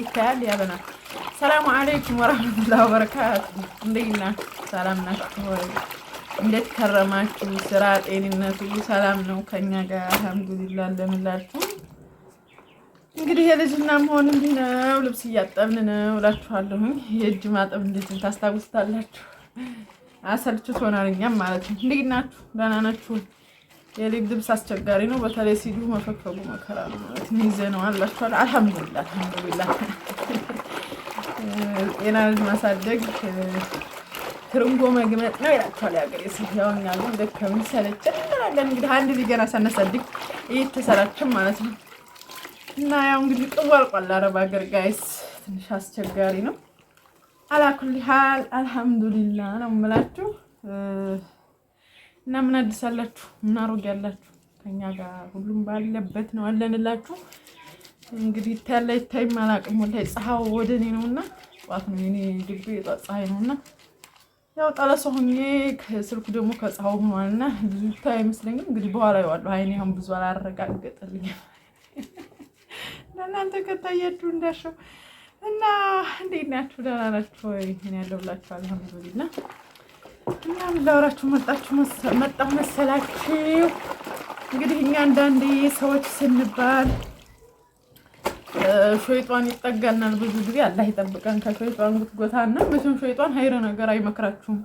ይታያል ያበናል። ሰላሙ አለይኩም ወራህመቱላ ወበረካቱ። እንዴት ናችሁ? ሰላም ናችሁ ወይ? እንዴት ከረማችሁ? ስራ ጤንነቱ ሰላም ነው ከኛ ጋር አልሐምዱሊላ። እንደምላችሁ እንግዲህ የልጅና መሆን እንዲህ ነው። ልብስ እያጠብን ነው እላችኋለሁኝ። የእጅ ማጠብ እንዴት ታስታውስታላችሁ? አሰልችቶናል እኛም ማለት ነው። እንዴት ናችሁ? ደህና ናችሁ? የሌት ልብስ አስቸጋሪ ነው። በተለይ ሲዱ መፈከቡ መከራ ነው ማለት ሚዘ ነው አላችኋል። አልሐምዱላ አልሐምዱላ። ጤና ልጅ ማሳደግ ትርንጎ መግመጥ ነው ይላችኋል የሀገሬ ሴት። ያው እኛ ግን ደከመኝ ሰለቸን እንላለን። እንግዲህ አንድ ልጅ ገና ሳነሳድግ እየተሰራችን ማለት ነው። እና ያው እንግዲህ ቅቡ አረብ ሀገር ጋይስ ትንሽ አስቸጋሪ ነው። አላኩል ሀል አልሐምዱሊላህ ነው የምላችሁ። እና ምን አዲስ አላችሁ? ምን አሮጌ አላችሁ? ከኛ ጋር ሁሉም ባለበት ነው አለንላችሁ። እንግዲህ ይታይ ላይ ይታይ አላቅም። ወላሂ ፀሐው ወደ እኔ ነውና ጠዋት ነው የኔ ድብ የጧት ፀሐይ ነውና ያው ጠለሰ ሆኜ ከስልኩ ደግሞ ከፀሐው ሆኗልና ብዙ ይታይ አይመስለኝም። እንግዲህ በኋላ ይዋለሁ። አይኔ አሁን ብዙ አላረጋገጠልኝም። ለእናንተ ከታያችሁ እንዳሸው እና እንዴት ናችሁ? ደህና ናችሁ ወይ? እኔ ያለሁላችሁ አልሐምዱሊላህ እኛም ላወራችሁ መጣችሁ መጣሁ መሰላችሁ። እንግዲህ እኛ አንዳንዴ ሰዎች ስንባል ሸይጧን ይጠጋናል። ብዙ ጊዜ አላህ ይጠብቀን ከሸይጧን ጉትጎታና መቼም ሸይጧን ሀይረ ነገር አይመክራችሁም።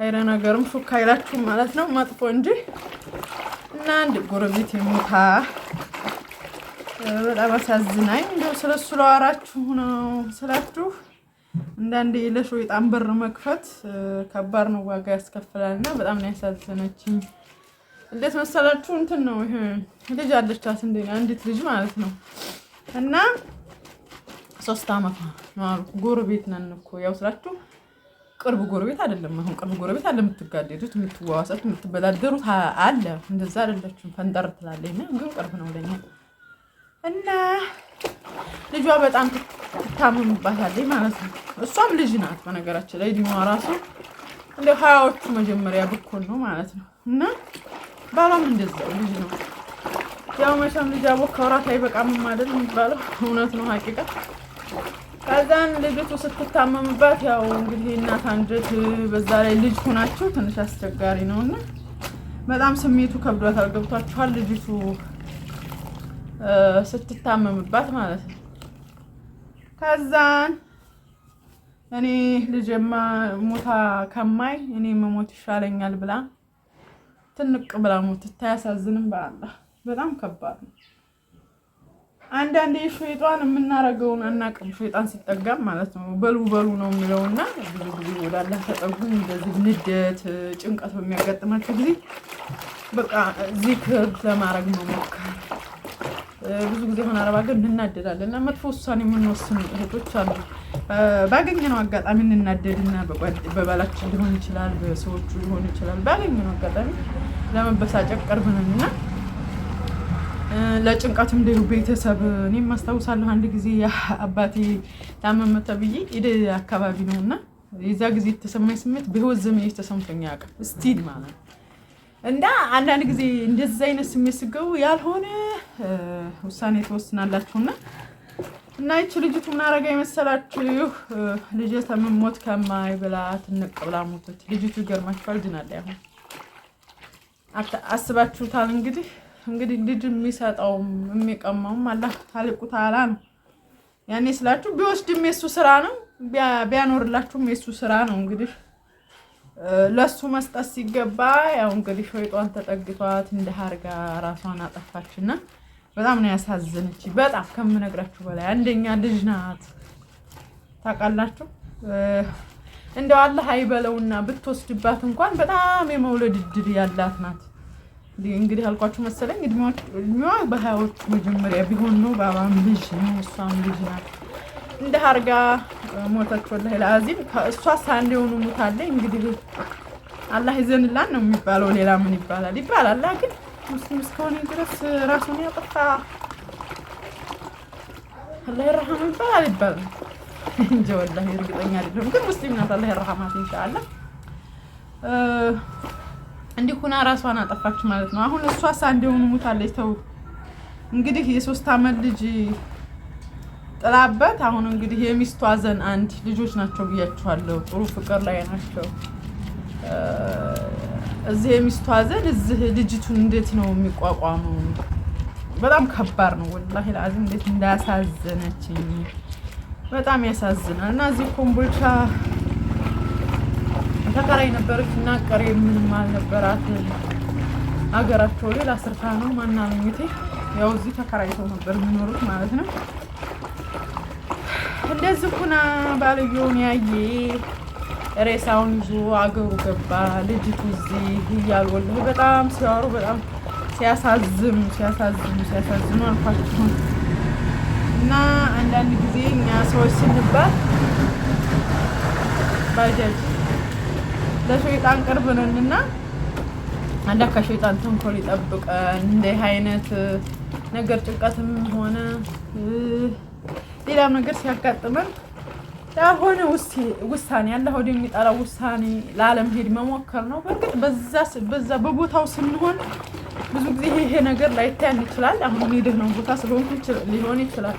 ሀይረ ነገርም ሹክ አይላችሁም ማለት ነው፣ መጥፎ እንጂ እና አንድ ጎረቤት የሞታ በጣም አሳዝናኝ። እንደው ስለሱ ላወራችሁ ነው ስላችሁ አንዳንዴ ለሾ የጣም በር መክፈት ከባድ ነው፣ ዋጋ ያስከፍላል። እና በጣም ነው ያሳዘነችኝ። እንዴት መሰላችሁ እንትን ነው ይሄ ልጅ አለቻት እንደ አንዲት ልጅ ማለት ነው እና ሶስት አመት ነው አሉ። ጎረቤት ነን እኮ ያው ስላችሁ ቅርብ ጎረቤት አይደለም። አሁን ቅርብ ጎረቤት አለ፣ የምትጋደዱት፣ የምትዋዋሰት፣ የምትበዳደሩት አለ። እንደዛ አይደለችም። ፈንጠር ትላለች እና ግን ቅርብ ነው ለኛ እና ልጇ በጣም ትታመምባታለች ማለት ነው እሷም ልጅ ናት በነገራችን ላይ ዲማ ራሱ እንደ ሀያዎቹ መጀመሪያ ብኩን ነው ማለት ነው። እና ባሏም እንደዛው ልጅ ነው። ያው መቼም ልጅ አቦ ከወራት አይበቃም አይደል የሚባለው እውነት ነው ሀቂቃ። ከዛን ልጅቱ ስትታመምባት ያው እንግዲህ እናት አንጀት፣ በዛ ላይ ልጅ ሆናችሁ ትንሽ አስቸጋሪ ነው እና በጣም ስሜቱ ከብዷታል። ገብቷችኋል? ልጅቱ ስትታመምባት ማለት ነው ከዛን እኔ ልጄማ ሞታ ከማይ እኔ መሞት ይሻለኛል ብላ ትንቅ ብላ ሞት ታያሳዝንም። በአላ በጣም ከባድ ነው። አንዳንዴ ሸይጣን የምናረገውን አናቅም። ሸይጣን ሲጠጋም ማለት ነው በሉ በሉ ነው እና ብዙ ጊዜ ወደ አላህ ተጠጉ። እንደዚህ ንደት፣ ጭንቀት በሚያጋጥማቸው ጊዜ በቃ ዚክር ለማድረግ መሞከር ብዙ ጊዜ ሆነ አረባ ግን እንናደዳለን እና መጥፎ ውሳኔ የምንወስን እህቶች አሉ ባገኘነው አጋጣሚ እንናደድና በባላችን ሊሆን ይችላል፣ በሰዎቹ ሊሆን ይችላል። ባገኘነው አጋጣሚ ለመበሳጨቅ ቅርብ ነን እና ለጭንቀትም ቤተሰብ እኔም ማስታውሳለሁ አንድ ጊዜ አባቴ ታመመ ተብዬ ኢድ አካባቢ ነው እና የዛ ጊዜ የተሰማኝ ስሜት በህይወት ዘመን የተሰምቶኝ ያውቃል ስቲል ማለት እና አንዳንድ ጊዜ እንደዚህ አይነት ስሜት ስገቡ ያልሆነ ውሳኔ ተወስናላችሁና እና ይቺ ልጅቱ ምን አደረጋ የመሰላችሁ? ልጄ ተምሞት ከማይ ብላ ትንቅ ብላ ሞተች። ልጅቱ ይገርማችኋል ድናለ። አሁን አስባችሁታል እንግዲህ እንግዲህ ልጅ የሚሰጠውም የሚቀማውም አላህ ታሊቁ ታላ ነው። ያኔ ስላችሁ ቢወስድም የሱ ስራ ነው፣ ቢያኖርላችሁም የሱ ስራ ነው። እንግዲህ ለሱ መስጠት ሲገባ ያው እንግዲህ ሸይጧን ተጠግቷት እንደ ሀርጋ ራሷን አጠፋችና በጣም ነው ያሳዘነች። በጣም ከምነግራችሁ በላይ አንደኛ ልጅ ናት። ታውቃላችሁ እንደው አላህ አይበለውና ብትወስድባት እንኳን በጣም የመውለድ እድል ያላት ናት። እንግዲህ አልኳችሁ መሰለኝ እድሜዋ በሀያዎቹ መጀመሪያ ቢሆን ነው። በአባም ልጅ ነው፣ እሷም ልጅ ናት። እንደ ሀርጋ ሞተች። ወላሂ ለአዚም ከእሷ ሳንድ የሆኑ ሙታለ። እንግዲህ አላህ ይዘንላን ነው የሚባለው። ሌላ ምን ይባላል? ይባላል ግን ሙስሊም እስከሆነ ድረስ ራሱን ያጠፋ አላህ ይረሃማ ይባል አልባልም እንጂ ወላሂ እርግጠኛ አይደለሁም፣ ግን ሙስሊም ናት። አላህ ይረሃማት ኢንሻአላህ። እንዲህ ሁና ራሷን አጠፋች ማለት ነው። አሁን እሷሳ እንደሆኑ ሙታለች። ተው እንግዲህ የሶስት አመት ልጅ ጥላበት። አሁን እንግዲህ የሚስቱ አዘን አንድ ልጆች ናቸው ብያችኋለሁ። ጥሩ ፍቅር ላይ ናቸው። እዚህ የሚስቷ ዘን እዚህ ልጅቱን እንዴት ነው የሚቋቋመው? በጣም ከባድ ነው። ወላሂ ለአዚ እንዴት እንዳሳዘነችኝ በጣም ያሳዝናል። እና እዚህ ኮምቦልቻ ተከራይ ነበረች እና ቀሬ ምንም አልነበራት። አገራቸው ሌላ ስርታ ነው ማናለኝቴ ያው እዚህ ተከራይተው ነበር የሚኖሩት ማለት ነው። እንደዚህ ሁና ባልየውን ያየ ሬሳውን ይዞ አገሩ ገባ። ልጅቱ እዚህ እያልወለ በጣም ሲያወሩ በጣም ሲያሳዝኑ ሲያሳዝኑ ሲያሳዝኑ አልኳችሁ። እና አንዳንድ ጊዜ እኛ ሰዎች ስንባል ባጃጅ ለሸይጣን ቅርብ ነን እና አንዳ ከሸይጣን ተንኮል ይጠብቀን። እንዲህ አይነት ነገር ጭንቀትም ሆነ ሌላም ነገር ሲያጋጥመን የሆነ ውሳኔ አለ ወደ የሚጠራው ውሳኔ ላለመሄድ መሞከር ነው። በእርግጥ በዛ በዛ በቦታው ስንሆን ብዙ ጊዜ ይሄ ነገር ላይታያን ይችላል። አሁን ሄደህ ነው ቦታ ስለሆንኩ ሊሆን ይችላል።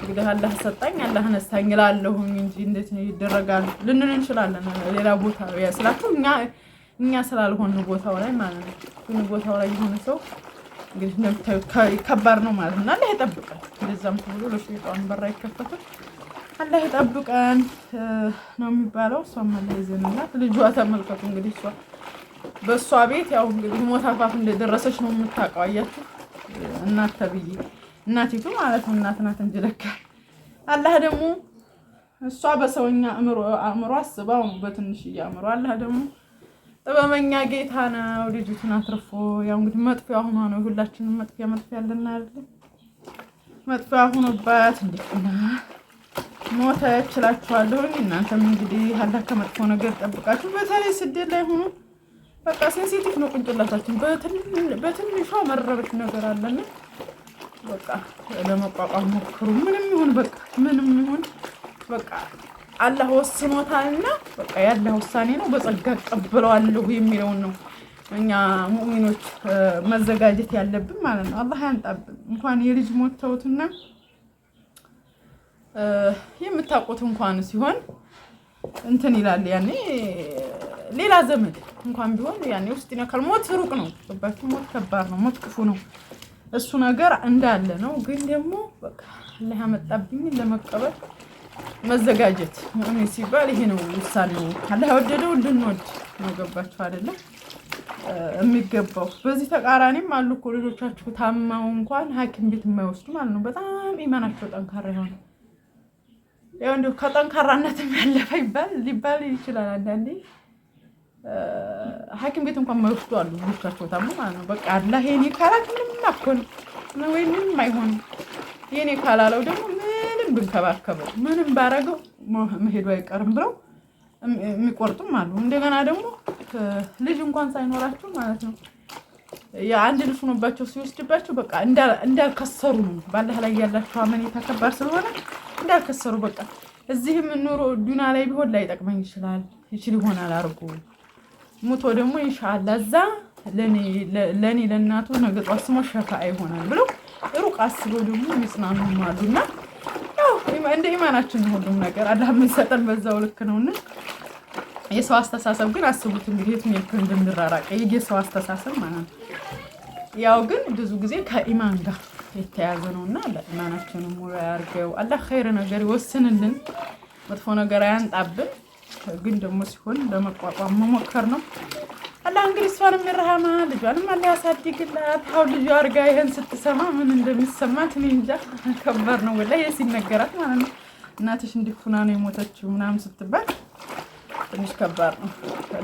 እንግዲህ አላህ ሰጣኝ አላህ ነሳኝ እላለሁኝ እንጂ እንዴት ነው ይደረጋል ልንል እንችላለን። ሌላ ቦታ ስላችሁ እኛ እኛ ስላልሆን ቦታው ላይ ማለት ነው። ግን ቦታው ላይ የሆነ ሰው እንግዲህ እንደምታዩት ከባድ ነው ማለት ነው አላህ ይጠብቃል። እንደዛም ተብሎ ለሸይጣን በር አይከፈትም። አላህ ጠብቀን ነው የሚባለው። እሷም አላህ ይዘንላት። ልጇ ተመልከቱ እንግዲህ እሷ በእሷ ቤት ያው እንግዲህ ሞት አፋፍ እንደደረሰች ነው የምታውቀው። አያችሁ እናት ተብዬ እናቲቱ ማለት ነው እናት ናት እንጂ ለካ አላህ ደግሞ እሷ በሰውኛ አእምሮ አስባው በትንሽ እያምሮ አላህ ደግሞ ጥበበኛ ጌታ ነው። ልጅቱን አትርፎ ያው እንግዲህ መጥፊያ ሆኗ ነው ሁላችንም መጥፊያ መጥፊያ ያለና አይደል መጥፊያ ሆኖባት እንዴት ሞተ እችላችኋለሁ። እናንተም እንግዲህ አላህ ከመጥፎ ነገር ጠብቃችሁ። በተለይ ስደት ላይ ሆኖ በቃ ሴንሲቲቭ ነው ቁንጭላታችን። በትንሿ መረበሽ ነገር አለና በቃ ለመቋቋም ሞክሩ። ምንም ይሁን በቃ ምንም ይሁን በቃ አላህ ወስኖታልና በቃ ያለ ውሳኔ ነው፣ በጸጋ ቀብለዋለሁ የሚለውን ነው እኛ ሙእሚኖች መዘጋጀት ያለብን ማለት ነው። አላህ ያንጣብን። እንኳን የልጅ ሞት ተውትና የምታውቁት እንኳን ሲሆን እንትን ይላል። ያኔ ሌላ ዘመድ እንኳን ቢሆን ያኔ ውስጥ ይነካል። ሞት ሩቅ ነው፣ ገባችሁ? ሞት ከባድ ነው፣ ሞት ክፉ ነው። እሱ ነገር እንዳለ ነው። ግን ደግሞ በቃ አላህ ያመጣብኝን ለመቀበል መዘጋጀት ሙእሚን ሲባል ይሄ ነው ውሳኔው። አላህ ወደደው እንድንወድ ነው። ገባችሁ አይደለም? የሚገባው በዚህ ተቃራኒም አሉ እኮ ልጆቻችሁ ታማው እንኳን ሐኪም ቤት የማይወስዱ ማለት ነው። በጣም ኢማናቸው ጠንካራ ይሆናል። ያው እንዲሁ ያለፈ ይባል ሊባል ይችላል። አንዳንዴ ሐኪም ቤት እንኳን መወስዱ አሉ ልጆቻቸው ታሙ ማለት ነው። በቃ አላ የኔ ካላት ምንም አኮን ወይ ምንም አይሆን የኔ ካላለው ደግሞ ምንም ብንከባከበው ምንም ባረገው መሄዱ አይቀርም ብለው የሚቆርጡም አሉ። እንደገና ደግሞ ልጅ እንኳን ሳይኖራቸው ማለት ነው የአንድ ልጅ ሆኖባቸው ሲወስድባቸው በቃ እንዳልከሰሩ ነው። ባለህ ላይ ያላቸው አመኔታ ከባድ ስለሆነ እንዳልከሰሩ በቃ እዚህም ኑሮ ዱና ላይ ቢሆን ላይጠቅመኝ ይችላል ይችል ይሆናል አርጎ ሙቶ ደግሞ ይሻላ እዛ ለእኔ ለእናቱ ነገ ጧት ስሞ ሸፋ ይሆናል ብሎ ሩቅ አስበው ደግሞ የሚጽናኑም አሉና እንደ ኢማናችን ሁሉም ነገር አላህ የምንሰጠን በዛው ልክ ነውና የሰው አስተሳሰብ ግን አስቡት እንግዲህ የት የትም እንድንራራቀ የሰው አስተሳሰብ ማለት ነው። ያው ግን ብዙ ጊዜ ከኢማን ጋር የተያዘ ነው እና ለኢማናችንም ሙሉ ያርገው። አላህ ኸይር ነገር ይወስንልን፣ መጥፎ ነገር አያንጣብን። ግን ደግሞ ሲሆን ለመቋቋም መሞከር ነው። አላህ እንግዲህ እሷንም ይርሃማ ልጇንም አላህ ያሳድግላት። ሀው ልጇ አርጋ ይህን ስትሰማ ምን እንደሚሰማት እኔ እንጃ። ከባድ ነው ወላሂ ሲነገራት ማለት ነው። እናትሽ እንዲኩና ነው የሞተችው ምናምን ስትባል ትንሽ ከባድ ነው።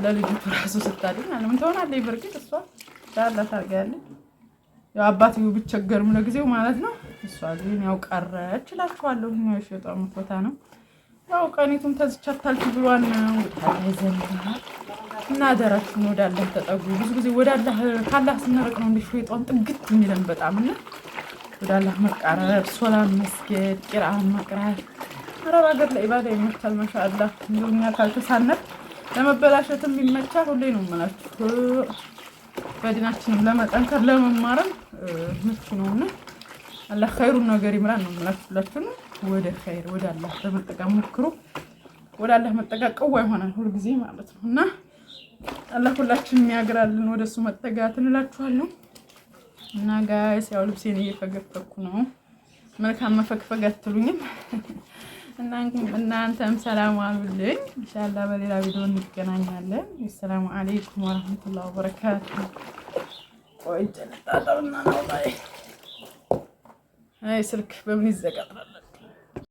ለልጅቱ ራሱ ስታድግ ምን ትሆናለች? በእርግጥ እሷ ላላ ታርጋለች አባትዬው ቢቸገርም ለጊዜው ማለት ነው። እሷ ግን ያው ቀረች እላችኋለሁ። ነው በጣም ቦታ ነው ያው ቀኔቱም ተዝቻታል ብሏን ዘንድናል እና አደራችሁን ነው አላህ ተጠጉ። ብዙ ጊዜ ወዳለህ ካላህ ስንርቅ ነው እንደ ሸይጣን ጥግት የሚለን በጣም እና ወዳለህ አላህ መቃረብ፣ ሶላን መስገድ፣ ቂርአን መቅራት አረብ ሀገር ለኢባዳ ይመቻል። ማሻአላ እንደኛ ካልተሳነፍ ለመበላሸትም ይመቻል። ሁሌ ነው የምላችሁ በዲናችንም ለመጠንከር ለመማርም ምቹ እና አላህ ኸይሩን ነገር ይምራን ነው የምላችሁላችሁ። ወደ ኸይር ወደ አላህ በመጠጋት ሞክሩ። ወደ አላህ መጠጋት ቀዋ ይሆናል ሁልጊዜ ማለት ነው እና አላህ ሁላችንም የሚያግራልን ወደ እሱ መጠጋት እንላችኋለሁ። እና ጋይስ ያው ልብሴን እየፈገፈኩ ነው። መልካም መፈግፈግ አትሉኝም። እናንተም ሰላም አሉልኝ። ኢንሻላ በሌላ ቪዲዮ እንገናኛለን። ሰላሙ አሌይኩም ወረህመቱላ ወበረካቱ። ቆይ ስልክ በምን ይዘጋል?